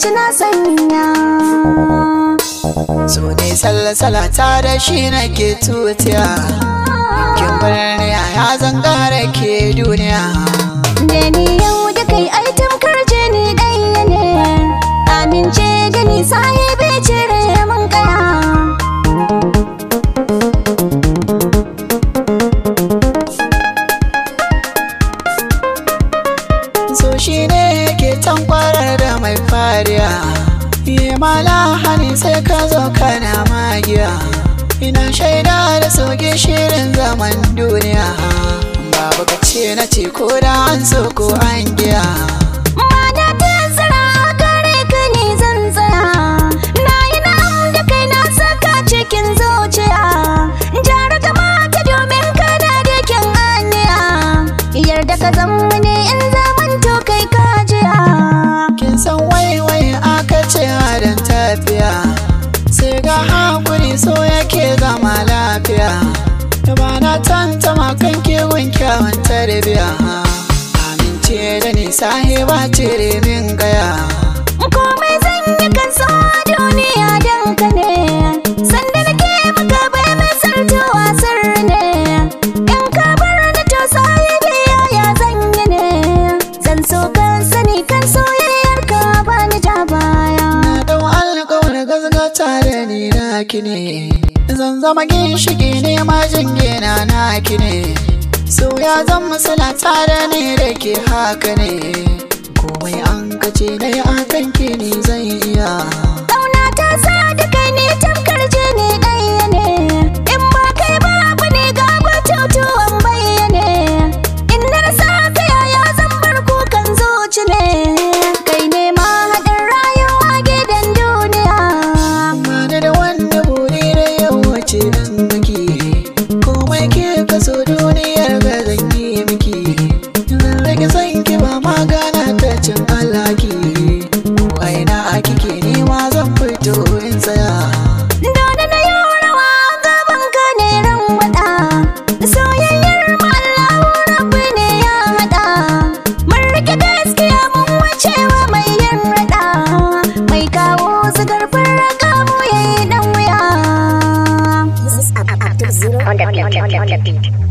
zuci na sanya so ne sallasala ta da shi nake tutiya kin birni a ya zangara ke duniya Ne ni yau da kai ai tamkar je ni ɗaya ne amince da sahibi ce mun kaya so shi ne mai fariya yi mala hani sai ka zo kana magiya ina shaida da sauke shirin zaman duniya babu ka ce na ce ko da an so ko lafiya sai ga hakuri so yake zama lafiya da ba na tantama kan kewun kyawun tarbiya amince da ni sahiba cire min gaya komai zan yi kan so duniya don ka ne sanda nake maka bai mai sarta wasar ne in ka bar ni to sahibi ya zan yi ne zan so kan sani kan so tare ni na ne zan zama ginshiki ne majin gina na ne so ya zan musula tare ne da ke haka ne yarda zan yi miki rage san ki ba magana ta cin alaki aina a kike nema zan fito in tsaya Dole na yi rawa gaban ka ne ran wada soyayyar Allah rabbi ne ya hada mun rike gaskiya mun wace mai yin rada mai kawo su garfin raka mu yayi dan